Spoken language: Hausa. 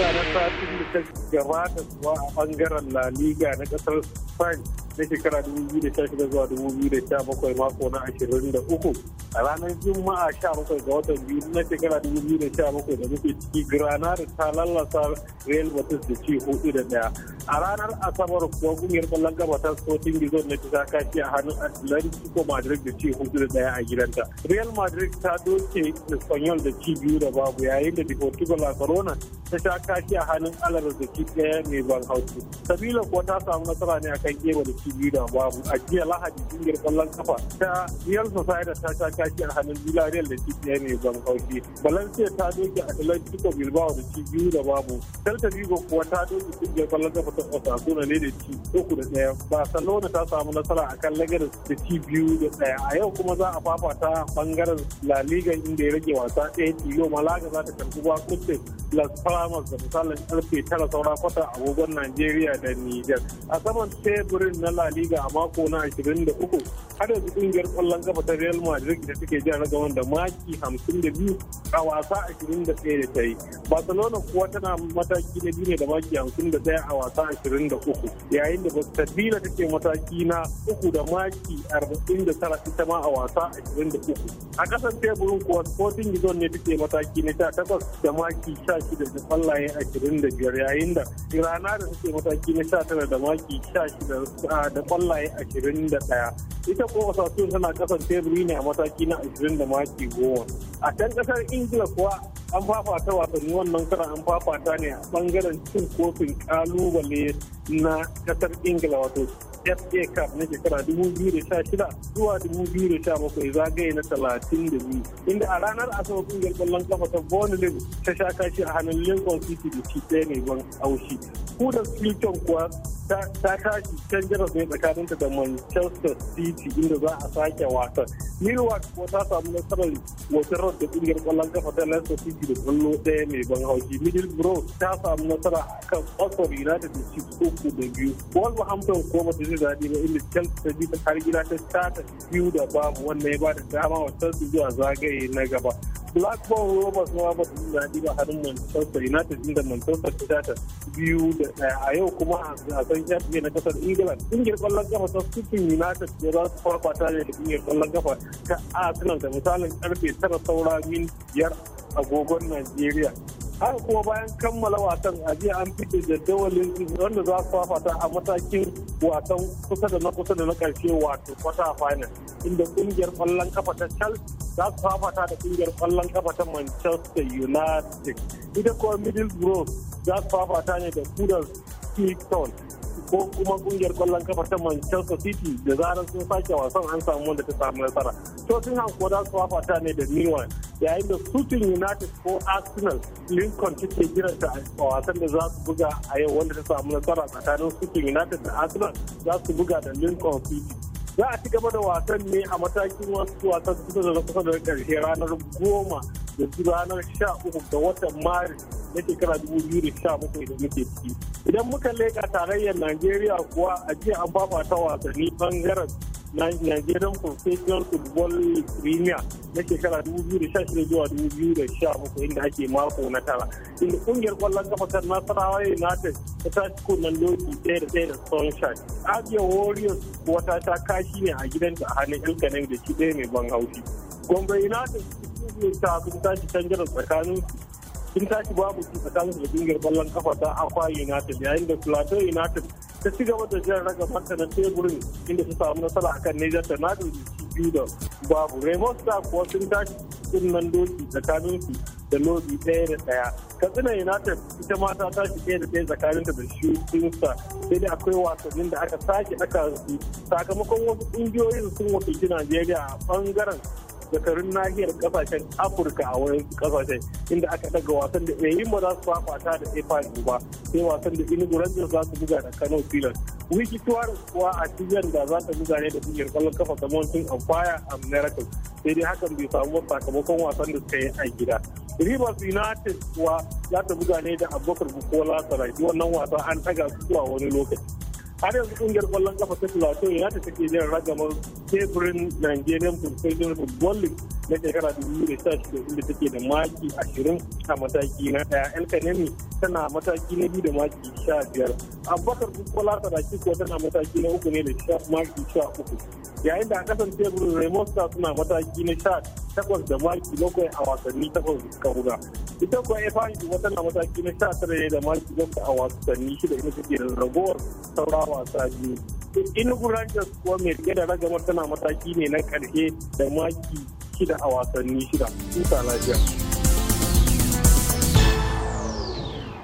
zuwa na satin da ta gaba da zuwa a bangaren La Liga na kasar Spain na shekara 2016 zuwa 2017 mako na 23 a ranar juma'a sha bakwai ga watan biyu na shekara 2017 da sha bakwai muke ciki granada ta lallasa real batis da ci hudu da daya a ranar asabar kuwa kungiyar kwallon gaba ta sporting gizon na ta kashi a hannun atlantico madrid da ci hudu da daya a gidanta real madrid ta doke espanyol da ci biyu da babu yayin da deportivo la corona ta sha kashi a hannun alabar da ci daya mai ban hausu sabila kuwa ta samu nasara ne akan geba da ci biyu da babu a jiya lahadi kungiyar kwallon kafa ta real society ta sha a hannun Villarreal da ci ɗaya mai ban haushi. Valencia ta doke Atlantico Bilbao da ci biyu da babu. Celta Vigo kuwa ta doke kungiyar kwallon kafa ta Osasuna ne da ci uku da ɗaya. Barcelona ta samu nasara a kan Legares da ci biyu da ɗaya. A yau kuma za a fafata bangaren La Liga inda ya rage wasa ɗaya tilo Malaga za ta karɓi kusa Las Palmas da misalin ƙarfe tara saura kwata agogon Najeriya da Nijar. A saman teburin na La Liga a mako na 23 hada yanzu kungiyar kwallon gaba ta Real Madrid da suke jan ragawan da maki 52 a wasa 21 da ta yi barcelona kuwa tana mataki na biyu ne da maki 51 a wasa 23 yayin da take mataki na uku da maki 49 ita ma a wasa 23 a kasar teburin kuwa sporting gizon ne take mataki na 18 da maki 16 da 25 yayin da rana da take mataki na 19 da maki 16 ah, da 21 ita ko tana kasar teburi ne a mataki maki na 20 da maki 10 a can kasar ingila kuwa an fafata wasanni wannan kara an fafata ne a bangaren cin kofin kalubale na kasar ingila wato FA Cup na shekara 2016 zuwa 2017 zagaye na 32 inda a ranar asabar kungiyar kwallon kafa ta Bonneville ta sha kashi a hannun Lincoln City da ci ɗaya mai ban haushi. hudar Clifton kuwa ta kashi can mai tsakaninta da Manchester City inda za a sake wasan. Millwall ko ta samu nasarar wasan road da kungiyar kwallon kafa ta Leicester City da kwallo ɗaya mai ban haushi. Middlesbrough ta samu nasara kan Oxford United da Chiefs uku da biyu. Wolverhampton ko ba ta ji daɗi ba inda Chelsea ta bi ta har gida ta tata biyu da babu wannan ya ba da dama wa Chelsea zuwa zagaye na gaba. blackburn rovers ma ba su daɗi ba harin manchester united inda manchester ta ta biyu da ɗaya a yau kuma a gasan fa na kasar england ƙungiyar ƙwallon kafa ta city united ya za su farfata ne da ƙungiyar ƙwallon kafa ta arsenal da misalin karfe tara saura min biyar gogon najeriya har kuma bayan kammala wasan a jiya an fice jadawalin wanda za su fafata a matakin wasan kusa da na kusa da na karshe wato kwata final inda kungiyar kwallon kafa ta Chelsea za su fafata da kungiyar kwallon kafa ta Manchester United ita kuma Middlesbrough za su fafata ne da Kudar Kingston ko kuma kungiyar kwallon kafa ta Manchester City da zarar sun sake wasan an samu wanda ta samu nasara. Tottenham hanko za su fafata ne da Newell yayin da Sutin United ko Arsenal Lincoln take jiran ta a wasan da za su buga a yau wanda ta samu nasara tsakanin Sutin United da Arsenal za su buga da Lincoln City. Za a ci gaba da wasan ne a matakin wasu wasan kusa da kusa da karshe ranar goma da ranar sha uku ga watan Maris na shekara dubu biyu da sha bakwai da muke ciki. Idan muka leƙa tarayyar Najeriya kuwa a jiya an ta wasanni bangaren Nigerian Confession Football Premier na shekara 2016 zuwa 2017 inda ake mako na tara. Inda kungiyar kwallon kafa ta Nasarawa United ta ta tashi nan doki ɗaya da ɗaya da Sunshine. Abia Warriors kuwa ta ta kashi ne a gidanta a hannun Ilkanin da shi ɗaya mai ban haushi. Gombe United ta sun tashi canjar tsakanin sun tashi babu su tsakanin da kungiyar kwallon kafa ta Akwa United yayin da Plateau United ta ci gaba da jiran raga ta teburin inda su samu nasara akan Niger nadu da biyu da babu. Raymond Star kuwa sun tashi cikin nan doki tsakanin su da lobi ɗaya da ɗaya. Katsina United ita ma ta tashi ɗaya da ɗaya tsakanin ta da Shootinsa sai dai akwai wasannin da aka sake aka su sakamakon wasu ƙungiyoyin sun wakilci Najeriya a ɓangaren zakarun nahiyar kasashen afirka a wani kasashen inda aka daga wasan da yayin eh, ba za su fafata da efani ba sai wasan da inu rangers za su buga da kano pilas wiki tuwar kuwa a cikin da za ta buga ne da kungiyar kwallon kafa ta mountain of a america sai dai hakan bai samu sakamakon wasan da suka yi a gida Rivers United kuwa za ta buga ne da Abubakar Bukola sarai wannan wasa an taga zuwa wani lokaci. har yanzu kungiyar kwallon kafa ta filato ya ta take jiran ragamar teburin nigerian professional football league na shekara 2016 inda take da maki 20 a mataki na daya el kanemi tana mataki na biyu da maki 15 abubakar kukwala saraki kuwa tana mataki na uku ne da maki 13 yayin da a kasan tebur remosta suna mataki na sha takwas da maki bakwai a wasanni takwas da suka huda ita kuwa efanji wata na mataki na sha tara da maki bakwai a wasanni shida ina suke ragowar saura wasa biyu inugu rangers kuwa mai rike da ragamar tana mataki ne na karshe da maki shida a wasanni shida. Tuta lafiya.